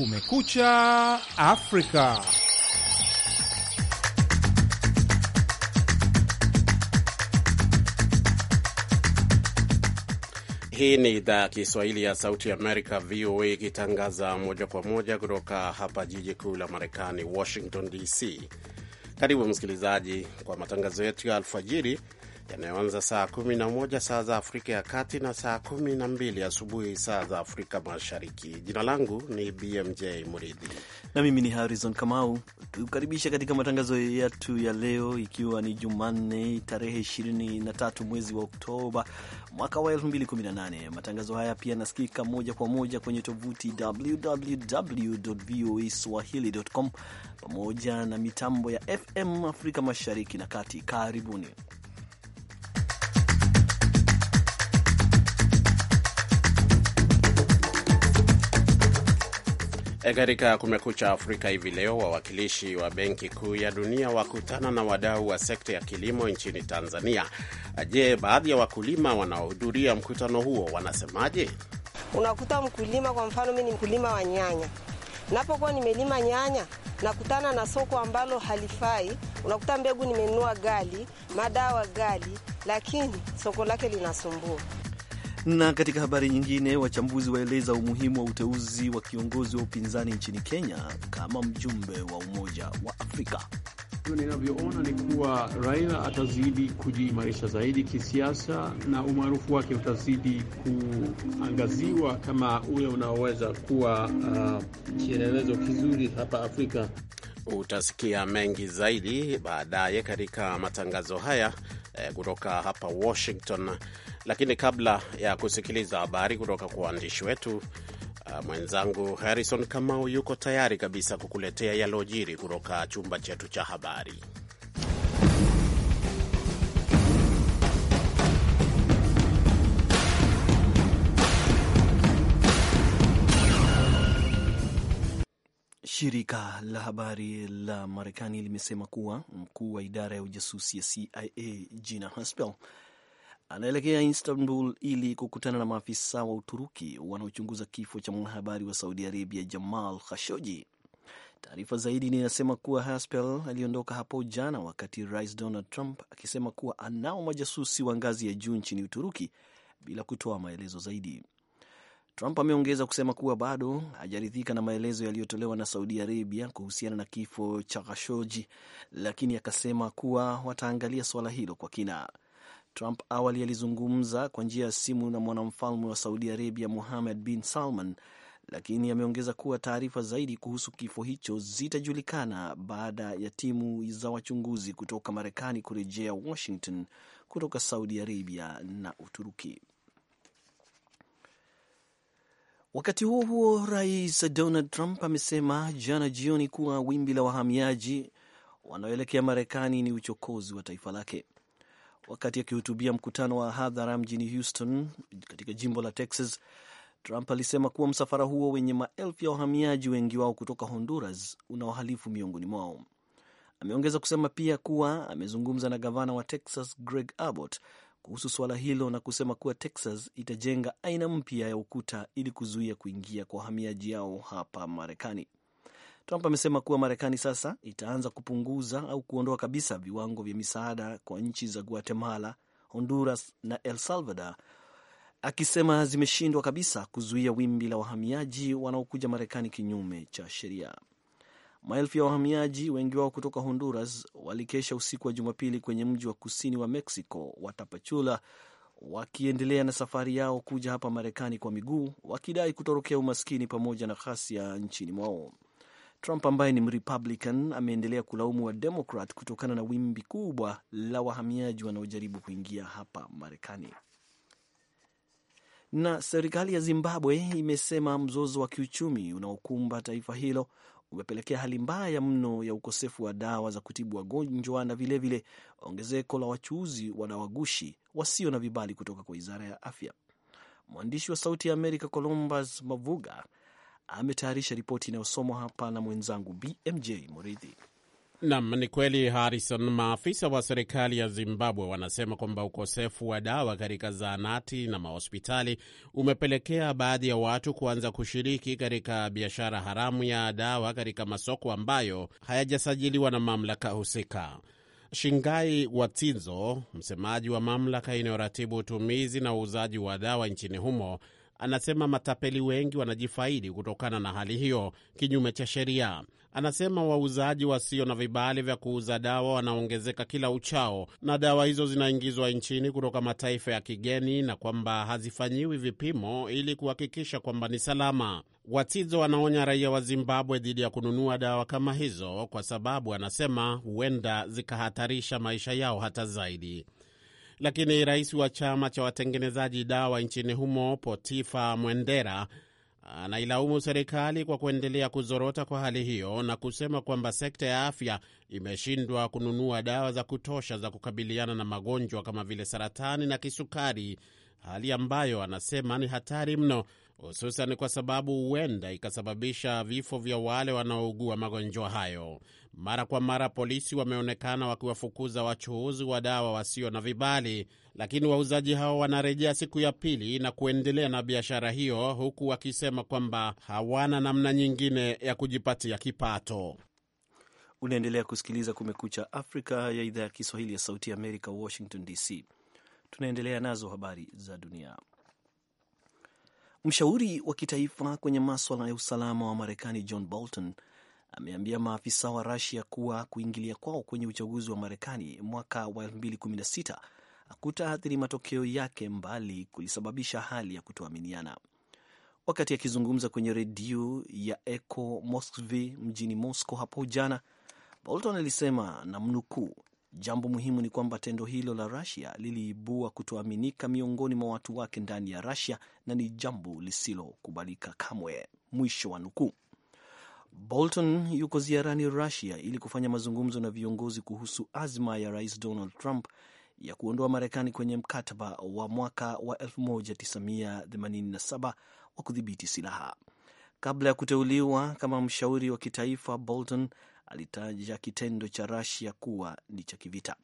Kumekucha Afrika. Hii ni idhaa ya Kiswahili ya Sauti ya Amerika, VOA, ikitangaza moja kwa moja kutoka hapa jiji kuu la Marekani, Washington DC. Karibu msikilizaji kwa matangazo yetu ya alfajiri yanayoanza saa 11 saa za Afrika ya Kati na saa 12 asubuhi saa za Afrika Mashariki. Jina langu ni BMJ Muridhi na mimi ni Harrison Kamau, tukaribisha katika matangazo yetu ya leo, ikiwa ni Jumanne tarehe 23 mwezi wa Oktoba mwaka wa 2018. Matangazo haya pia yanasikika moja kwa moja kwenye tovuti www.voaswahili.com pamoja na mitambo ya FM Afrika Mashariki na Kati. Karibuni. E, katika Kumekucha Afrika hivi leo, wawakilishi wa Benki Kuu ya Dunia wakutana na wadau wa sekta ya kilimo nchini Tanzania. Je, baadhi ya wakulima wanaohudhuria mkutano huo wanasemaje? Unakuta mkulima, kwa mfano, mi ni mkulima wa nyanya, napokuwa nimelima nyanya nakutana na soko ambalo halifai. Unakuta mbegu nimenunua gali, madawa gali, lakini soko lake linasumbua. Na katika habari nyingine, wachambuzi waeleza umuhimu wa uteuzi wa kiongozi wa upinzani nchini Kenya kama mjumbe wa Umoja wa Afrika. Ninavyoona ni kuwa Raila atazidi kujiimarisha zaidi kisiasa na umaarufu wake utazidi kuangaziwa kama ule unaoweza kuwa uh, kielelezo kizuri hapa Afrika. Utasikia mengi zaidi baadaye katika matangazo haya Eh, kutoka hapa Washington. Lakini kabla ya kusikiliza habari kutoka kwa waandishi wetu, eh, mwenzangu Harrison Kamau yuko tayari kabisa kukuletea yalojiri kutoka chumba chetu cha habari. Shirika la habari la Marekani limesema kuwa mkuu wa idara ya ujasusi ya CIA Gina Haspel anaelekea Istanbul ili kukutana na maafisa wa Uturuki wanaochunguza kifo cha mwanahabari wa Saudi Arabia Jamal Khashoggi. Taarifa zaidi inasema kuwa Haspel aliondoka hapo jana wakati Rais Donald Trump akisema kuwa anao majasusi wa ngazi ya juu nchini Uturuki bila kutoa maelezo zaidi. Trump ameongeza kusema kuwa bado hajaridhika na maelezo yaliyotolewa na Saudi Arabia kuhusiana na kifo cha Khashoggi, lakini akasema kuwa wataangalia suala hilo kwa kina. Trump awali alizungumza kwa njia ya simu na mwanamfalme wa Saudi Arabia Muhammad bin Salman, lakini ameongeza kuwa taarifa zaidi kuhusu kifo hicho zitajulikana baada ya timu za wachunguzi kutoka Marekani kurejea Washington kutoka Saudi Arabia na Uturuki. Wakati huo huo, Rais Donald Trump amesema jana jioni kuwa wimbi la wahamiaji wanaoelekea Marekani ni uchokozi wa taifa lake. Wakati akihutubia mkutano wa hadhara mjini Houston katika jimbo la Texas, Trump alisema kuwa msafara huo wenye maelfu ya wahamiaji, wengi wao kutoka Honduras, una wahalifu miongoni mwao. Ameongeza kusema pia kuwa amezungumza na gavana wa Texas Greg Abbott kuhusu suala hilo na kusema kuwa Texas itajenga aina mpya ya ukuta ili kuzuia kuingia kwa wahamiaji yao hapa Marekani. Trump amesema kuwa Marekani sasa itaanza kupunguza au kuondoa kabisa viwango vya misaada kwa nchi za Guatemala, Honduras na El Salvador, akisema zimeshindwa kabisa kuzuia wimbi la wahamiaji wanaokuja Marekani kinyume cha sheria. Maelfu ya wahamiaji, wengi wao kutoka Honduras, walikesha usiku wa Jumapili kwenye mji wa kusini wa Mexico wa Tapachula, wakiendelea na safari yao kuja hapa Marekani kwa miguu, wakidai kutorokea umaskini pamoja na ghasia nchini mwao. Trump ambaye ni Mrepublican ameendelea kulaumu wa kutokana na wimbi kubwa la wahamiaji wanaojaribu kuingia hapa Marekani. Na serikali ya Zimbabwe imesema mzozo wa kiuchumi unaokumba taifa hilo umepelekea hali mbaya mno ya ukosefu wa dawa za kutibu wagonjwa na vilevile vile ongezeko la wachuuzi wa dawa gushi wasio na vibali kutoka kwa wizara ya afya. Mwandishi wa Sauti ya Amerika Columbus Mavuga ametayarisha ripoti inayosomwa hapa na mwenzangu BMJ Muridhi. Nam, ni kweli Harrison. Maafisa wa serikali ya Zimbabwe wanasema kwamba ukosefu wa dawa katika zahanati na mahospitali umepelekea baadhi ya watu kuanza kushiriki katika biashara haramu ya dawa katika masoko ambayo hayajasajiliwa na mamlaka husika. Shingai Watinzo, msemaji wa mamlaka inayoratibu utumizi na uuzaji wa dawa nchini humo, anasema matapeli wengi wanajifaidi kutokana na hali hiyo kinyume cha sheria. Anasema wauzaji wasio na vibali vya kuuza dawa wanaongezeka kila uchao na dawa hizo zinaingizwa nchini kutoka mataifa ya kigeni na kwamba hazifanyiwi vipimo ili kuhakikisha kwamba ni salama. Watizo wanaonya raia wa Zimbabwe dhidi ya kununua dawa kama hizo kwa sababu anasema huenda zikahatarisha maisha yao hata zaidi. Lakini rais wa chama cha watengenezaji dawa nchini humo Potifa Mwendera anailaumu serikali kwa kuendelea kuzorota kwa hali hiyo na kusema kwamba sekta ya afya imeshindwa kununua dawa za kutosha za kukabiliana na magonjwa kama vile saratani na kisukari, hali ambayo anasema ni hatari mno hususan kwa sababu huenda ikasababisha vifo vya wale wanaougua magonjwa hayo. Mara kwa mara polisi wameonekana wakiwafukuza wachuuzi wa dawa wasio na vibali, lakini wauzaji hao wanarejea siku ya pili na kuendelea na biashara hiyo, huku wakisema kwamba hawana namna nyingine ya kujipatia kipato. Unaendelea kusikiliza Kumekucha Afrika ya idhaa ya Kiswahili ya Sauti ya Amerika, Washington DC. Tunaendelea nazo habari za dunia. Mshauri wa kitaifa kwenye maswala ya usalama wa Marekani John Bolton ameambia maafisa wa Rusia kuwa kuingilia kwao kwenye uchaguzi wa Marekani mwaka wa 2016 hakutaathiri matokeo yake, mbali kulisababisha hali ya kutoaminiana. Wakati akizungumza kwenye redio ya Echo Moskv mjini Moscow hapo jana, Bolton alisema na mnukuu, Jambo muhimu ni kwamba tendo hilo la Russia liliibua kutoaminika miongoni mwa watu wake ndani ya rasia na ni jambo lisilokubalika kamwe. Mwisho wa nukuu. Bolton yuko ziarani Russia ili kufanya mazungumzo na viongozi kuhusu azma ya Rais Donald Trump ya kuondoa Marekani kwenye mkataba wa mwaka wa 1987 wa kudhibiti silaha. Kabla ya kuteuliwa kama mshauri wa kitaifa, Bolton alitaja kitendo cha rasia kuwa ni cha kivita.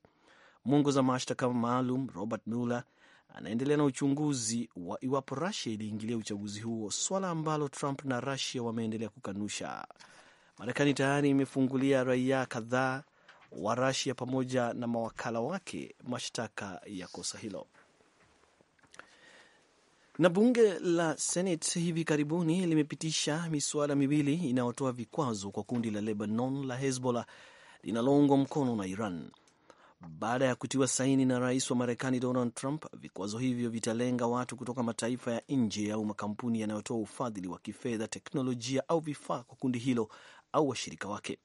Mwongoza mashtaka maalum Robert Mueller anaendelea na uchunguzi wa iwapo rasia iliingilia uchaguzi huo, swala ambalo Trump na rasia wameendelea kukanusha. Marekani tayari imefungulia raia kadhaa wa rasia pamoja na mawakala wake mashtaka ya kosa hilo. Na bunge la Senate hivi karibuni limepitisha miswada miwili inayotoa vikwazo kwa kundi la Lebanon la Hezbollah linaloungwa mkono na Iran. Baada ya kutiwa saini na rais wa Marekani Donald Trump, vikwazo hivyo vitalenga watu kutoka mataifa ya nje au makampuni yanayotoa ufadhili wa kifedha, teknolojia au vifaa kwa kundi hilo au washirika wake.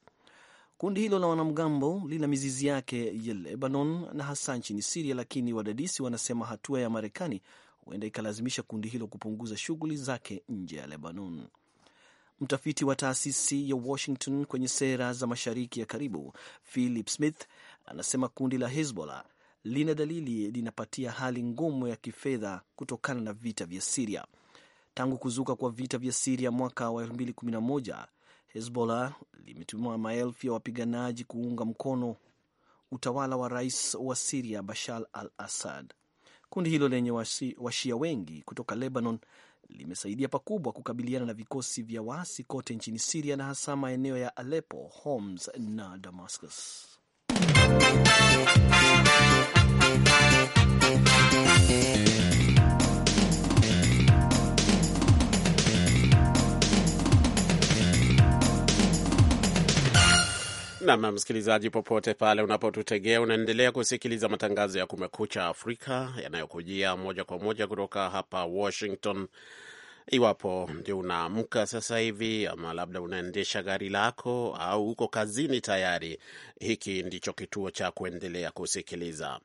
Kundi hilo la wanamgambo lina mizizi yake ya Lebanon na hasa nchini Siria, lakini wadadisi wanasema hatua ya Marekani huenda ikalazimisha kundi hilo kupunguza shughuli zake nje ya Lebanon. Mtafiti wa taasisi ya Washington kwenye sera za Mashariki ya Karibu, Philip Smith, anasema kundi la Hezbollah lina dalili linapatia hali ngumu ya kifedha kutokana na vita vya Siria. Tangu kuzuka kwa vita vya Siria mwaka wa 2011 Hezbollah limetumiwa maelfu ya wapiganaji kuunga mkono utawala wa rais wa Siria Bashar al Assad. Kundi hilo lenye washia wengi kutoka Lebanon limesaidia pakubwa kukabiliana na vikosi vya waasi kote nchini Siria na hasa maeneo ya Aleppo, Homs na Damascus. Nam msikilizaji, popote pale unapotutegea, unaendelea kusikiliza matangazo ya Kumekucha Afrika yanayokujia moja kwa moja kutoka hapa Washington Iwapo ndio unaamka sasa hivi ama labda unaendesha gari lako au uko kazini tayari, hiki ndicho kituo cha kuendelea kusikiliza.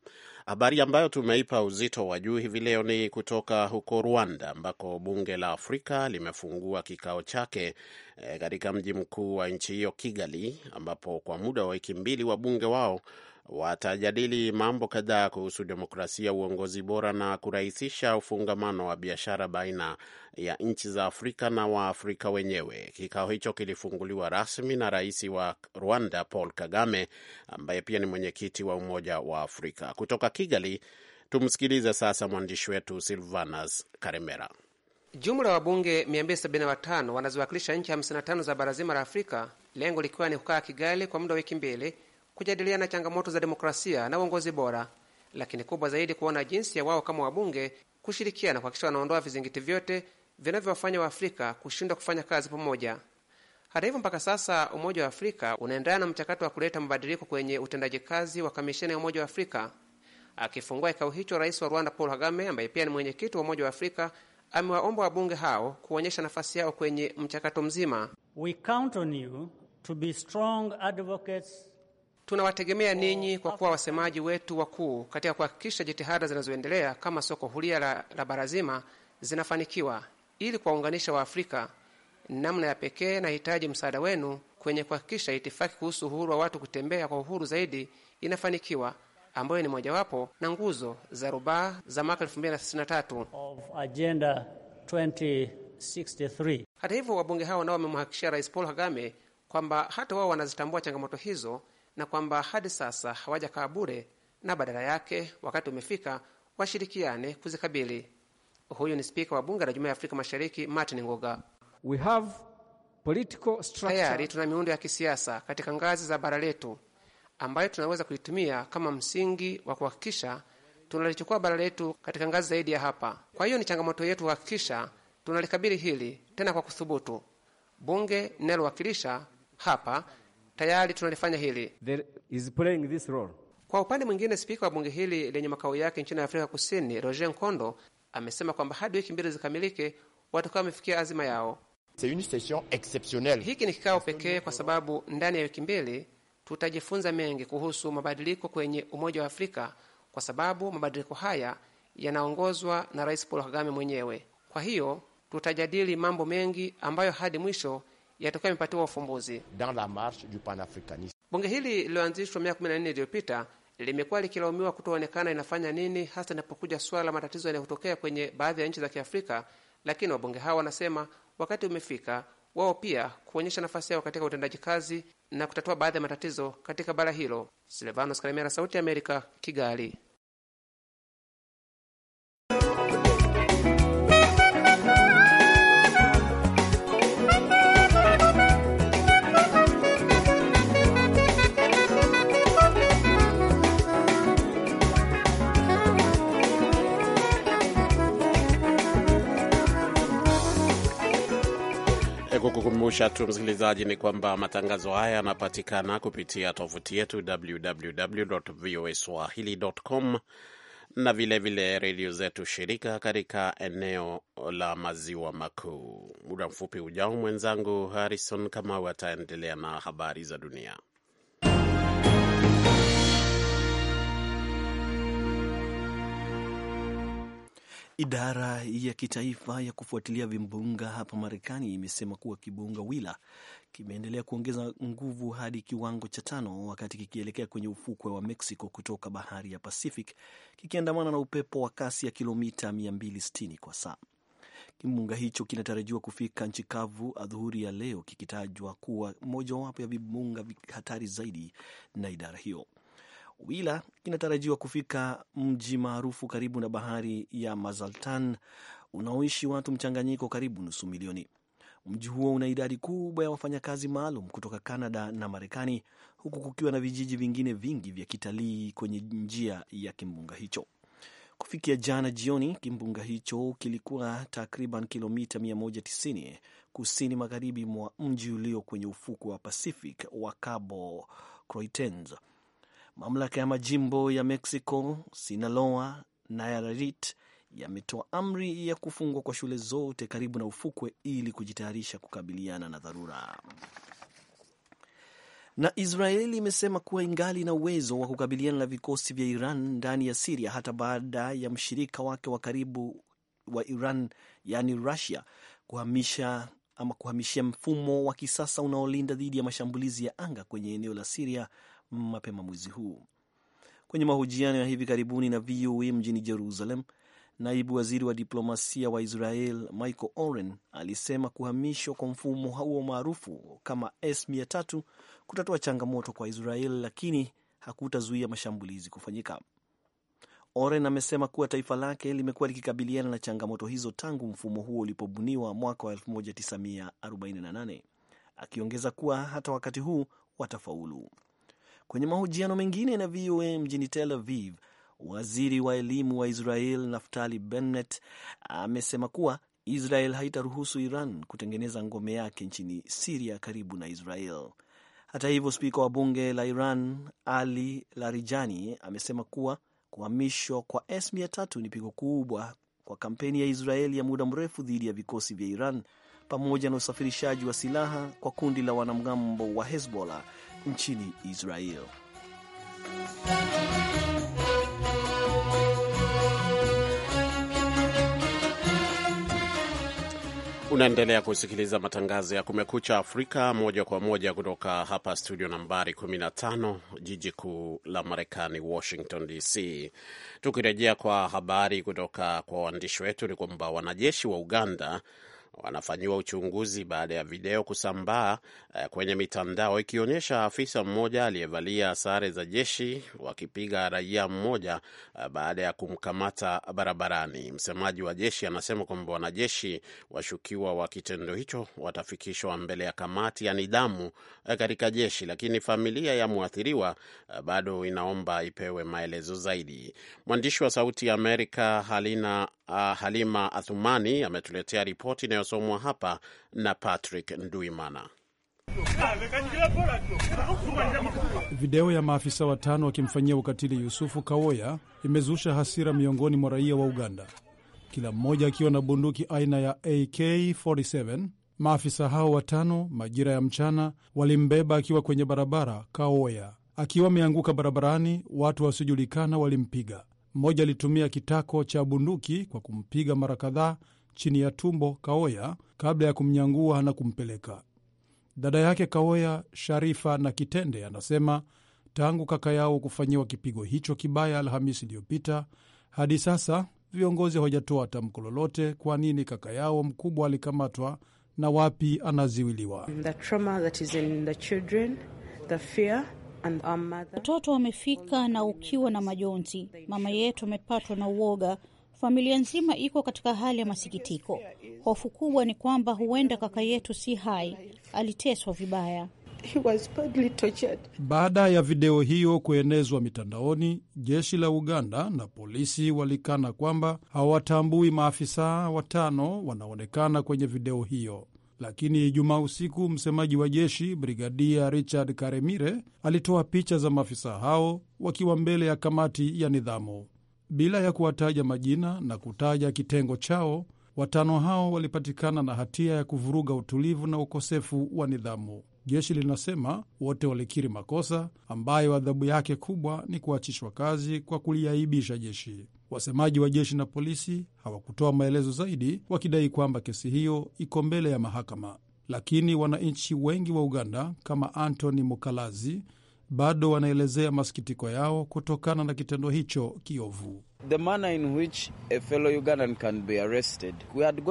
Habari ambayo tumeipa uzito wa juu hivi leo ni kutoka huko Rwanda, ambako bunge la Afrika limefungua kikao chake eh, katika e, mji mkuu wa nchi hiyo Kigali, ambapo kwa muda wa wiki mbili wabunge wao watajadili mambo kadhaa kuhusu demokrasia, uongozi bora na kurahisisha ufungamano wa biashara baina ya nchi za Afrika na Waafrika wenyewe. Kikao hicho kilifunguliwa rasmi na rais wa Rwanda Paul Kagame, ambaye pia ni mwenyekiti wa Umoja wa Afrika. Kutoka Kigali, tumsikilize sasa mwandishi wetu Silvanas Karemera. Jumla wabunge 275 wanaziwakilisha nchi 55 za bara zima la Afrika, lengo likiwa ni kukaa Kigali kwa muda wa wiki mbili kujadiliana changamoto za demokrasia na uongozi bora, lakini kubwa zaidi kuona jinsi ya wao kama wabunge kushirikiana kuhakikisha wanaondoa vizingiti vyote vinavyowafanya Waafrika kushindwa kufanya kazi pamoja. Hata hivyo, mpaka sasa Umoja wa Afrika unaendelea na mchakato wa kuleta mabadiliko kwenye utendaji kazi wa Kamisheni ya Umoja wa Afrika. Akifungua kikao hicho, rais wa Rwanda Paul Kagame, ambaye pia ni mwenyekiti wa Umoja wa Afrika, amewaomba wabunge hao kuonyesha nafasi yao kwenye mchakato mzima. We count on you to be strong advocates Tunawategemea ninyi kwa kuwa wasemaji wetu wakuu katika kuhakikisha jitihada zinazoendelea kama soko huria la, la bara zima zinafanikiwa. Ili kuwaunganisha Waafrika namna ya pekee, nahitaji msaada wenu kwenye kuhakikisha itifaki kuhusu uhuru wa watu kutembea kwa uhuru zaidi inafanikiwa ambayo ni mojawapo na nguzo za rubaa za mwaka 2063 Hata hivyo wabunge hao nao wamemhakikishia Rais Paul Kagame kwamba hata wao wanazitambua changamoto hizo na kwamba hadi sasa hawajakaa bure, na badala yake wakati umefika washirikiane kuzikabili. Huyu ni spika wa bunge la Jumuiya ya Afrika Mashariki Martin Ngoga. We have political structure. Tayari tuna miundo ya kisiasa katika ngazi za bara letu ambayo tunaweza kuitumia kama msingi wa kuhakikisha tunalichukua bara letu katika ngazi zaidi ya hapa. Kwa hiyo ni changamoto yetu kuhakikisha tunalikabili hili tena kwa kuthubutu. Bunge linalowakilisha hapa tayari tunalifanya hili. There is playing this role. Kwa upande mwingine, spika wa bunge hili lenye makao yake nchini Afrika Kusini, Roger Nkondo, amesema kwamba hadi wiki mbili zikamilike watakuwa wamefikia azima yao. Hiki ni kikao pekee kwa sababu ndani ya wiki mbili tutajifunza mengi kuhusu mabadiliko kwenye Umoja wa Afrika kwa sababu mabadiliko haya yanaongozwa na Rais Paul Kagame mwenyewe. Kwa hiyo tutajadili mambo mengi ambayo hadi mwisho yatakayo mpatiwa ufumbuzi. Dans la marche du panafricanisme, bunge hili lililoanzishwa miaka nne iliyopita limekuwa likilaumiwa kutoonekana inafanya nini hasa inapokuja suala la matatizo yanayotokea kwenye baadhi ya nchi za Kiafrika, lakini wabunge hao wanasema wakati umefika wao pia kuonyesha nafasi yao katika utendaji kazi na kutatua baadhi ya matatizo katika bara hilo. Silvanos Kalemera, Sauti ya Amerika, Kigali. kukukumbusha tu msikilizaji ni kwamba matangazo haya yanapatikana kupitia tovuti yetu www voa swahili.com na vilevile redio zetu shirika katika eneo la maziwa makuu. Muda mfupi ujao, mwenzangu Harrison Kamau ataendelea na habari za dunia. Idara ya kitaifa ya kufuatilia vimbunga hapa Marekani imesema kuwa kibunga wila kimeendelea kuongeza nguvu hadi kiwango cha tano wakati kikielekea kwenye ufukwe wa Mexico kutoka bahari ya Pacific kikiandamana na upepo wa kasi ya kilomita 260 kwa saa. Kimbunga hicho kinatarajiwa kufika nchi kavu adhuhuri ya leo kikitajwa kuwa mojawapo ya vimbunga hatari zaidi na idara hiyo. Wila inatarajiwa kufika mji maarufu karibu na bahari ya Mazaltan unaoishi watu mchanganyiko karibu nusu milioni. Mji huo una idadi kubwa ya wafanyakazi maalum kutoka Kanada na Marekani, huku kukiwa na vijiji vingine vingi vya kitalii kwenye njia ya kimbunga hicho. Kufikia jana jioni, kimbunga hicho kilikuwa takriban kilomita 190 kusini magharibi mwa mji ulio kwenye ufuko wa Pacific wa Cabo Croitens Mamlaka ya majimbo ya Mexico, Sinaloa na Nayarit yametoa amri ya kufungwa kwa shule zote karibu na ufukwe ili kujitayarisha kukabiliana na dharura. Na Israeli imesema kuwa ingali na uwezo wa kukabiliana na vikosi vya Iran ndani ya Siria hata baada ya mshirika wake wa karibu wa Iran yaani Russia kuhamisha ama kuhamishia mfumo wa kisasa unaolinda dhidi ya mashambulizi ya anga kwenye eneo la Siria mapema mwezi huu. Kwenye mahojiano ya hivi karibuni na VOA mjini Jerusalem, naibu waziri wa diplomasia wa Israel Michael Oren alisema kuhamishwa kwa mfumo huo maarufu kama S300 kutatoa changamoto kwa Israel, lakini hakutazuia mashambulizi kufanyika. Oren amesema kuwa taifa lake limekuwa likikabiliana na changamoto hizo tangu mfumo huo ulipobuniwa mwaka wa 1948 akiongeza kuwa hata wakati huu watafaulu. Kwenye mahojiano mengine na VOA mjini Tel Aviv, waziri wa elimu wa Israel Naftali Bennett amesema kuwa Israel haitaruhusu Iran kutengeneza ngome yake nchini Siria karibu na Israel. Hata hivyo, spika wa bunge la Iran Ali Larijani amesema kuwa kuhamishwa kwa S-300 ni pigo kubwa kwa kampeni ya Israel ya muda mrefu dhidi ya vikosi vya Iran pamoja na usafirishaji wa silaha kwa kundi la wanamgambo wa Hezbollah nchini Israel. Unaendelea kusikiliza matangazo ya Kumekucha Afrika moja kwa moja kutoka hapa studio nambari 15 jiji kuu la Marekani, Washington DC. Tukirejea kwa habari kutoka kwa waandishi wetu, ni kwamba wanajeshi wa Uganda wanafanyiwa uchunguzi baada ya video kusambaa eh, kwenye mitandao ikionyesha afisa mmoja aliyevalia sare za jeshi wakipiga raia mmoja eh, baada ya kumkamata barabarani. Msemaji wa jeshi anasema kwamba wanajeshi washukiwa wa kitendo hicho watafikishwa mbele ya kamati ya nidhamu eh, katika jeshi, lakini familia ya mwathiriwa bado inaomba ipewe maelezo zaidi. Mwandishi wa Sauti ya Amerika Halina, ah, Halima Athumani ametuletea ripoti inayo yanasomwa hapa na Patrick Nduimana. Video ya maafisa watano wakimfanyia ukatili Yusufu Kawoya imezusha hasira miongoni mwa raia wa Uganda, kila mmoja akiwa na bunduki aina ya AK47. Maafisa hao watano majira ya mchana walimbeba akiwa kwenye barabara. Kawoya akiwa ameanguka barabarani, watu wasiojulikana walimpiga. Mmoja alitumia kitako cha bunduki kwa kumpiga mara kadhaa chini ya tumbo Kaoya kabla ya kumnyangua na kumpeleka. Dada yake Kaoya, Sharifa na Kitende, anasema tangu kaka yao kufanyiwa kipigo hicho kibaya Alhamisi iliyopita hadi sasa viongozi hawajatoa tamko lolote kwa nini kaka yao mkubwa alikamatwa na wapi anaziwiliwa. Watoto wamefika na ukiwa na majonzi. Mama yetu amepatwa na uoga Familia nzima iko katika hali ya masikitiko. Hofu kubwa ni kwamba huenda kaka yetu si hai, aliteswa vibaya. Baada ya video hiyo kuenezwa mitandaoni, jeshi la Uganda na polisi walikana kwamba hawatambui maafisa watano wanaonekana kwenye video hiyo. Lakini Ijumaa usiku msemaji wa jeshi Brigadia Richard Karemire alitoa picha za maafisa hao wakiwa mbele ya kamati ya nidhamu bila ya kuwataja majina na kutaja kitengo chao. Watano hao walipatikana na hatia ya kuvuruga utulivu na ukosefu wa nidhamu. Jeshi linasema wote walikiri makosa ambayo adhabu yake kubwa ni kuachishwa kazi kwa kuliaibisha jeshi. Wasemaji wa jeshi na polisi hawakutoa maelezo zaidi, wakidai kwamba kesi hiyo iko mbele ya mahakama. Lakini wananchi wengi wa Uganda kama Antony Mukalazi bado wanaelezea masikitiko yao kutokana na kitendo hicho kiovu.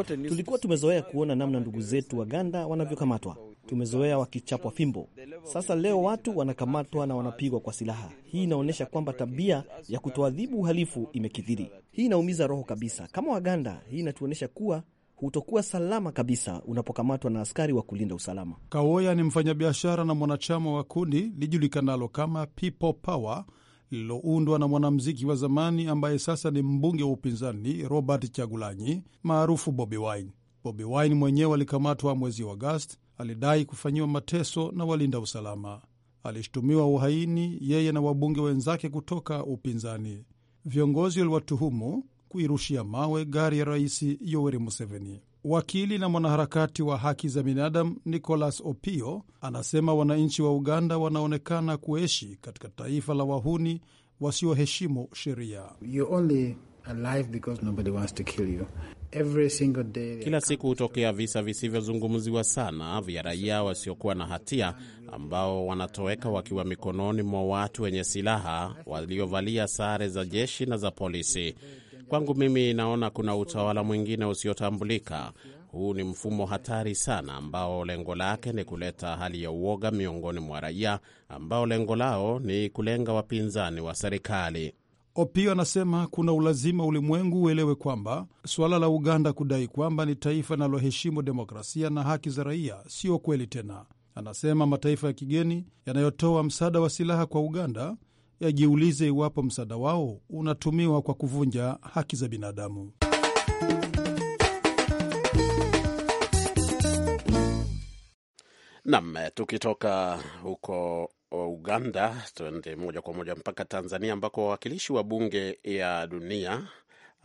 Tulikuwa tumezoea kuona namna ndugu zetu Waganda wanavyokamatwa, tumezoea wakichapwa fimbo. Sasa leo watu wanakamatwa na wanapigwa kwa silaha. Hii inaonyesha kwamba tabia ya kutoadhibu uhalifu imekithiri. Hii inaumiza roho kabisa. Kama Waganda, hii inatuonyesha kuwa hutokuwa salama kabisa unapokamatwa na askari wa kulinda usalama. Kawoya ni mfanyabiashara na mwanachama wa kundi lijulikanalo kama People Power lililoundwa na mwanamuziki wa zamani ambaye sasa ni mbunge wa upinzani Robert Chagulanyi maarufu Bobi Wine. Bobi Wine mwenyewe alikamatwa mwezi wa Agosti, alidai kufanyiwa mateso na walinda usalama. Alishutumiwa uhaini, yeye na wabunge wenzake kutoka upinzani. Viongozi waliwatuhumu kuirushia mawe gari ya Rais Yoweri Museveni. Wakili na mwanaharakati wa haki za binadamu nicolas Opio anasema wananchi wa Uganda wanaonekana kuishi katika taifa la wahuni wasioheshimu sheria. Kila siku hutokea visa visivyozungumziwa sana vya raia wasiokuwa na hatia ambao wanatoweka wakiwa mikononi mwa watu wenye silaha waliovalia sare za jeshi na za polisi. Kwangu mimi naona kuna utawala mwingine usiotambulika. Huu ni mfumo hatari sana, ambao lengo lake ni kuleta hali ya uoga miongoni mwa raia, ambao lengo lao ni kulenga wapinzani wa serikali. Opio anasema kuna ulazima ulimwengu uelewe kwamba suala la Uganda kudai kwamba ni taifa linaloheshimu demokrasia na haki za raia sio kweli tena. Anasema mataifa ya kigeni yanayotoa msaada wa silaha kwa Uganda yajiulize iwapo msaada wao unatumiwa kwa kuvunja haki za binadamu. Nam, tukitoka huko Uganda tuende moja kwa moja mpaka Tanzania ambako wawakilishi wa Bunge ya Dunia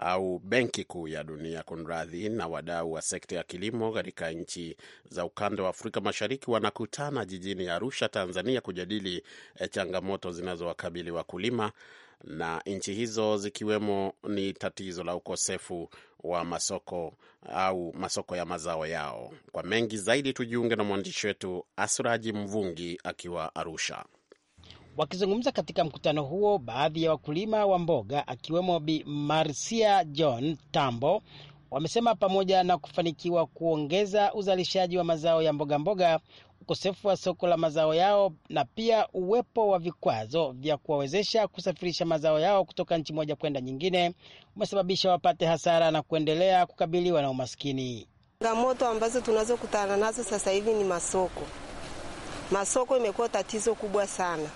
au Benki Kuu ya Dunia, kunradhi, na wadau wa sekta ya kilimo katika nchi za ukanda wa Afrika Mashariki wanakutana jijini Arusha, Tanzania, kujadili eh, changamoto zinazowakabili wakulima na nchi hizo zikiwemo ni tatizo la ukosefu wa masoko au masoko ya mazao yao. Kwa mengi zaidi, tujiunge na mwandishi wetu Asraji Mvungi akiwa Arusha. Wakizungumza katika mkutano huo, baadhi ya wakulima wa mboga akiwemo Bi Marcia John Tambo wamesema pamoja na kufanikiwa kuongeza uzalishaji wa mazao ya mboga mboga, ukosefu wa soko la mazao yao na pia uwepo wa vikwazo vya kuwawezesha kusafirisha mazao yao kutoka nchi moja kwenda nyingine umesababisha wapate hasara na kuendelea kukabiliwa na umaskini. Changamoto ambazo tunazokutana nazo sasa hivi ni masoko. Masoko imekuwa tatizo kubwa sana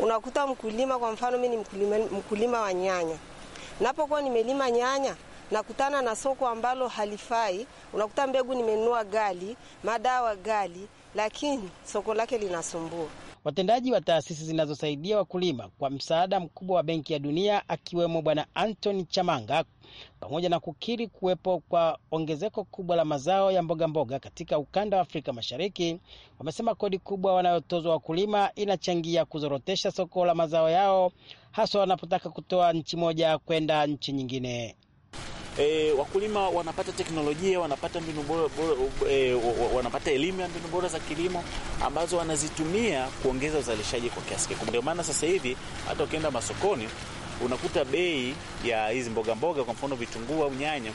Unakuta mkulima, kwa mfano mimi ni mkulima, mkulima wa nyanya. Napokuwa nimelima nyanya nakutana na soko ambalo halifai. Unakuta mbegu nimenunua gali, madawa gali, lakini soko lake linasumbua. Watendaji wa taasisi zinazosaidia wakulima kwa msaada mkubwa wa Benki ya Dunia akiwemo Bwana Anthony Chamanga pamoja na kukiri kuwepo kwa ongezeko kubwa la mazao ya mbogamboga mboga katika ukanda wa Afrika Mashariki, wamesema kodi kubwa wanayotozwa wakulima inachangia kuzorotesha soko la mazao yao, haswa wanapotaka kutoa nchi moja kwenda nchi nyingine e, wakulima wanapata teknolojia, wanapata mbinu bora, bora e, wanapata elimu ya mbinu bora za kilimo ambazo wanazitumia kuongeza uzalishaji kwa kiasi kikubwa. Ndio maana sasa hivi hata ukienda masokoni unakuta bei ya hizi mboga mboga, kwa mfano vitunguu au nyanya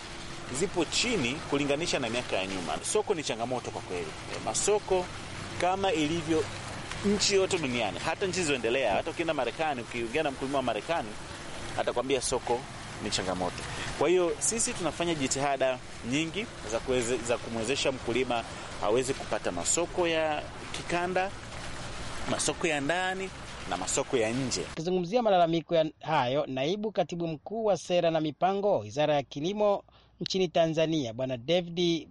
zipo chini kulinganisha na miaka ya nyuma. Soko ni changamoto kwa kweli. Eh, masoko kama ilivyo nchi yote duniani, hata nchi zilizoendelea, hata ukienda Marekani, ukiongea na mkulima wa Marekani atakwambia soko ni changamoto. Kwa hiyo sisi tunafanya jitihada nyingi za, kuweze, za kumwezesha mkulima aweze kupata masoko ya kikanda, masoko ya ndani na masoko ya nje. Akizungumzia malalamiko hayo, naibu katibu mkuu wa sera na mipango wizara ya kilimo nchini Tanzania Bwana David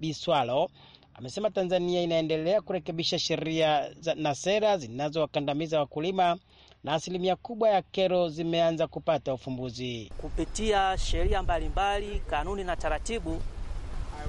Biswalo amesema Tanzania inaendelea kurekebisha sheria na sera zinazowakandamiza wakulima na asilimia kubwa ya kero zimeanza kupata ufumbuzi kupitia sheria mbalimbali, kanuni na taratibu,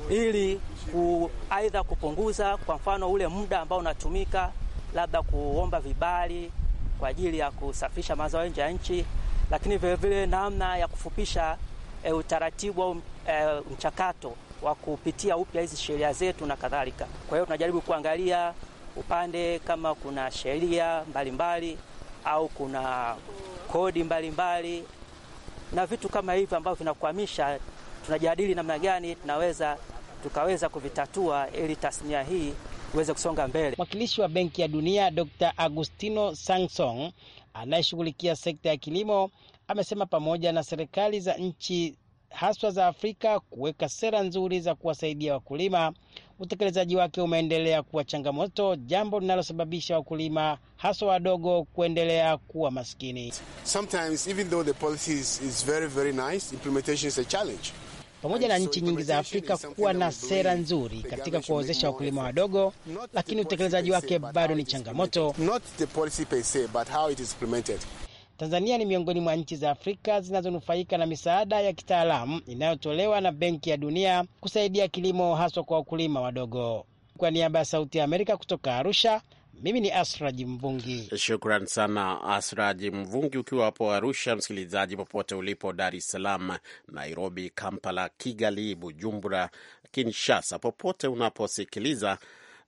ili ku, aidha kupunguza kwa mfano ule muda ambao unatumika labda kuomba vibali kwa ajili ya kusafisha mazao nje ya nchi, lakini vilevile namna ya kufupisha e, utaratibu au e, mchakato wa kupitia upya hizi sheria zetu na kadhalika. Kwa hiyo tunajaribu kuangalia upande kama kuna sheria mbalimbali au kuna kodi mbalimbali mbali, na vitu kama hivyo ambavyo vinakwamisha. Tunajadili namna gani tunaweza tukaweza kuvitatua ili tasnia hii iweze kusonga mbele. Mwakilishi wa Benki ya Dunia Dr. Agustino Sangsong anayeshughulikia sekta ya kilimo amesema pamoja na serikali za nchi haswa za Afrika kuweka sera nzuri za kuwasaidia wakulima, utekelezaji wake umeendelea kuwa changamoto, jambo linalosababisha wakulima haswa wadogo kuendelea kuwa maskini. Pamoja na nchi nyingi za Afrika kuwa na sera nzuri katika kuwawezesha wakulima wadogo, lakini utekelezaji wake bado ni changamoto. Tanzania ni miongoni mwa nchi za Afrika zinazonufaika na misaada ya kitaalamu inayotolewa na Benki ya Dunia kusaidia kilimo haswa kwa wakulima wadogo. Kwa niaba ya Sauti ya Amerika kutoka Arusha, mimi ni Asraji Mvungi. Shukran sana Asraji Mvungi, ukiwa hapo Arusha. Msikilizaji popote ulipo, Dar es Salaam, Nairobi, Kampala, Kigali, Bujumbura, Kinshasa, popote unaposikiliza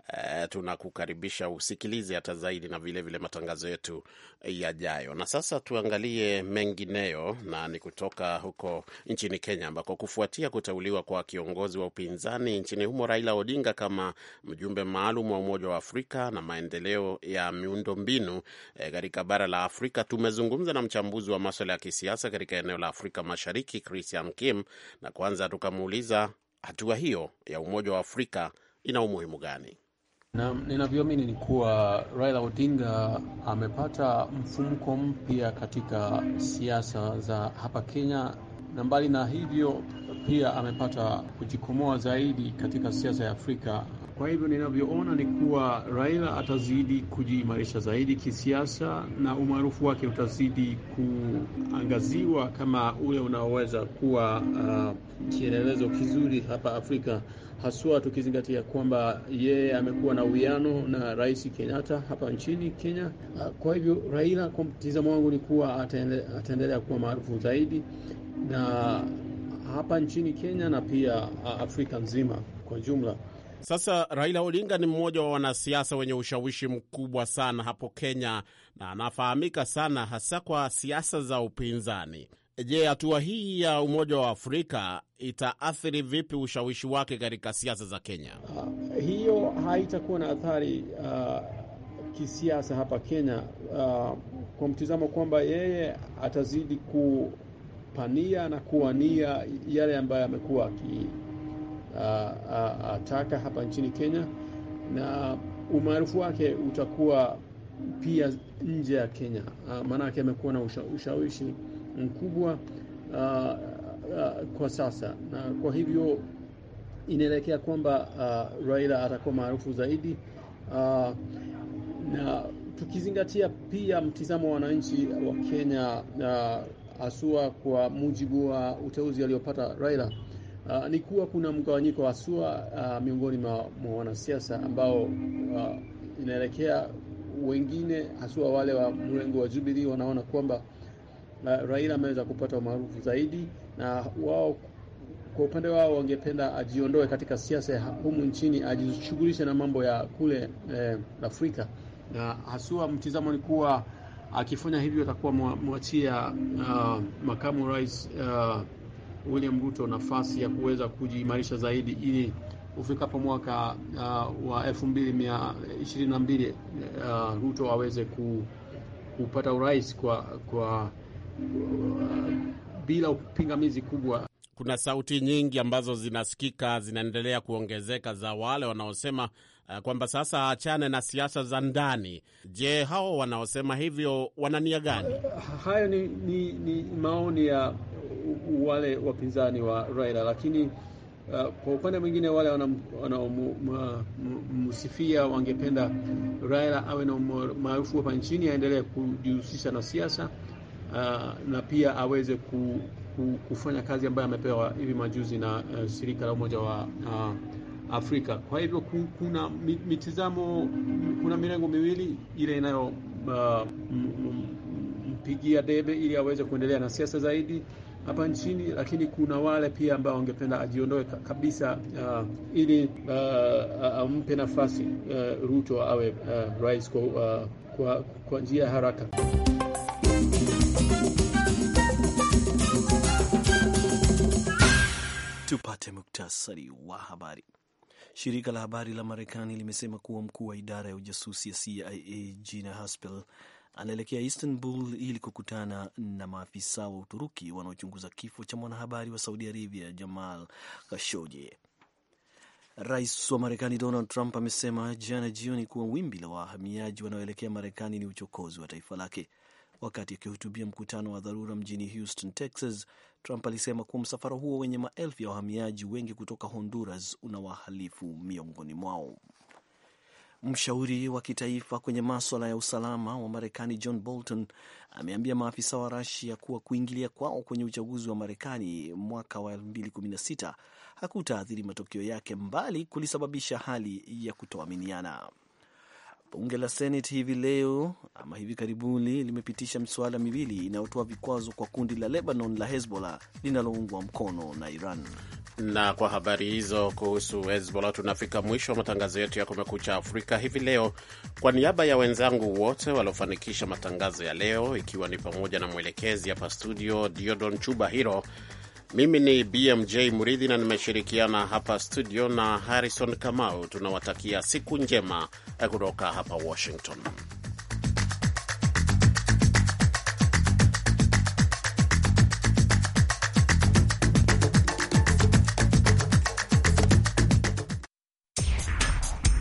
Uh, tunakukaribisha usikilize hata zaidi na vilevile vile matangazo yetu yajayo. Na sasa tuangalie mengineyo, na ni kutoka huko nchini Kenya ambako kufuatia kuteuliwa kwa kiongozi wa upinzani nchini humo Raila Odinga kama mjumbe maalum wa Umoja wa Afrika na maendeleo ya miundombinu eh, katika eh, bara la Afrika, tumezungumza na mchambuzi wa maswala ya kisiasa katika eneo la Afrika Mashariki Christian Kim, na kwanza tukamuuliza hatua hiyo ya Umoja wa Afrika ina umuhimu gani? Na ninavyoamini ni kuwa Raila Odinga amepata mfumko mpya katika siasa za hapa Kenya, na mbali na hivyo pia amepata kujikomoa zaidi katika siasa ya Afrika kwa hivyo ninavyoona ni kuwa Raila atazidi kujiimarisha zaidi kisiasa na umaarufu wake utazidi kuangaziwa kama ule unaoweza kuwa uh, kielelezo kizuri hapa Afrika, haswa tukizingatia kwamba yeye amekuwa na uwiano na Rais Kenyatta hapa nchini Kenya. Uh, kwa hivyo Raila kwa mtizamo wangu ni kuwa ataendelea kuwa maarufu zaidi na hapa nchini Kenya na pia uh, Afrika nzima kwa jumla. Sasa Raila Odinga ni mmoja wa wanasiasa wenye ushawishi mkubwa sana hapo Kenya na anafahamika sana hasa kwa siasa za upinzani. Je, hatua hii ya Umoja wa Afrika itaathiri vipi ushawishi wake katika siasa za Kenya? Uh, hiyo haitakuwa na athari uh, kisiasa hapa Kenya uh, kwa mtizamo kwamba yeye atazidi kupania na kuwania yale ambayo amekuwa taka hapa nchini Kenya, na umaarufu wake utakuwa pia nje ya Kenya, yake amekuwa na usha, ushawishi mkubwa a, a, kwa sasa, na kwa hivyo inaelekea kwamba uh, Raila atakuwa maarufu zaidi uh, na tukizingatia pia mtizamo wa wananchi wa Kenya uh, asua kwa mujibu wa uteuzi aliopata Raila uh, ni kuwa kuna mgawanyiko wa sua uh, miongoni mwa wanasiasa ambao uh, inaelekea wengine haswa wale wa mrengo wa Jubilee wanaona kwamba uh, Raila ameweza kupata umaarufu zaidi, na wao kwa upande wao wangependa ajiondoe katika siasa humu nchini, ajishughulishe na mambo ya kule eh, Afrika, na haswa mtizamo ni kuwa akifanya hivyo atakuwa mwachia uh, makamu rais uh, William Ruto nafasi ya kuweza kujiimarisha zaidi ili ufikapo mwaka uh, wa 2022 uh, Ruto aweze ku, kupata urais kwa, kwa uh, bila pingamizi kubwa. Kuna sauti nyingi ambazo zinasikika zinaendelea kuongezeka za wale wanaosema Eh, kwamba sasa achane na siasa za ndani. Je, hao wanaosema hivyo wana nia gani? Hayo ni, ni, ni maoni ya wale wapinzani wa Raila, lakini uh, kwa upande mwingine wale wanaomsifia wangependa Raila awe na maarufu hapa nchini, aendelee kujihusisha na siasa uh, na pia aweze ku, ku, kufanya kazi ambayo amepewa hivi majuzi na uh, shirika la umoja wa uh, Afrika. Kwa hivyo kuna mitizamo, kuna mirengo miwili, ile inayompigia uh, debe ili aweze kuendelea na siasa zaidi hapa nchini, lakini kuna wale pia ambao wangependa ajiondoe kabisa, uh, ili uh, ampe nafasi uh, Ruto awe uh, rais kwa, uh, kwa, kwa njia ya haraka. Tupate muktasari wa habari. Shirika la habari la Marekani limesema kuwa mkuu wa idara ya ujasusi ya CIA Gina Haspel anaelekea Istanbul ili kukutana na maafisa wa Uturuki wanaochunguza kifo cha mwanahabari wa Saudi Arabia Jamal Khashoggi. Rais wa Marekani Donald Trump amesema jana jioni kuwa wimbi la wahamiaji wanaoelekea Marekani ni uchokozi wa taifa lake. Wakati akihutubia mkutano wa dharura mjini Houston, Texas, Trump alisema kuwa msafara huo wenye maelfu ya wahamiaji wengi kutoka Honduras una wahalifu miongoni mwao. Mshauri wa kitaifa kwenye maswala ya usalama wa Marekani John Bolton ameambia maafisa wa Rasia kuwa kuingilia kwao kwenye uchaguzi wa Marekani mwaka wa 2016 hakutaathiri matokeo yake, mbali kulisababisha hali ya kutoaminiana. Bunge la Seneti hivi leo ama hivi karibuni limepitisha miswada miwili inayotoa vikwazo kwa kundi la Lebanon la Hezbollah linaloungwa mkono na Iran. Na kwa habari hizo kuhusu Hezbollah, tunafika mwisho wa matangazo yetu ya Kumekucha Afrika hivi leo. Kwa niaba ya wenzangu wote waliofanikisha matangazo ya leo, ikiwa ni pamoja na mwelekezi hapa studio Diodon Chuba Hiro mimi ni BMJ Muridhi na nimeshirikiana hapa studio na Harrison Kamau. Tunawatakia siku njema eh, kutoka hapa Washington.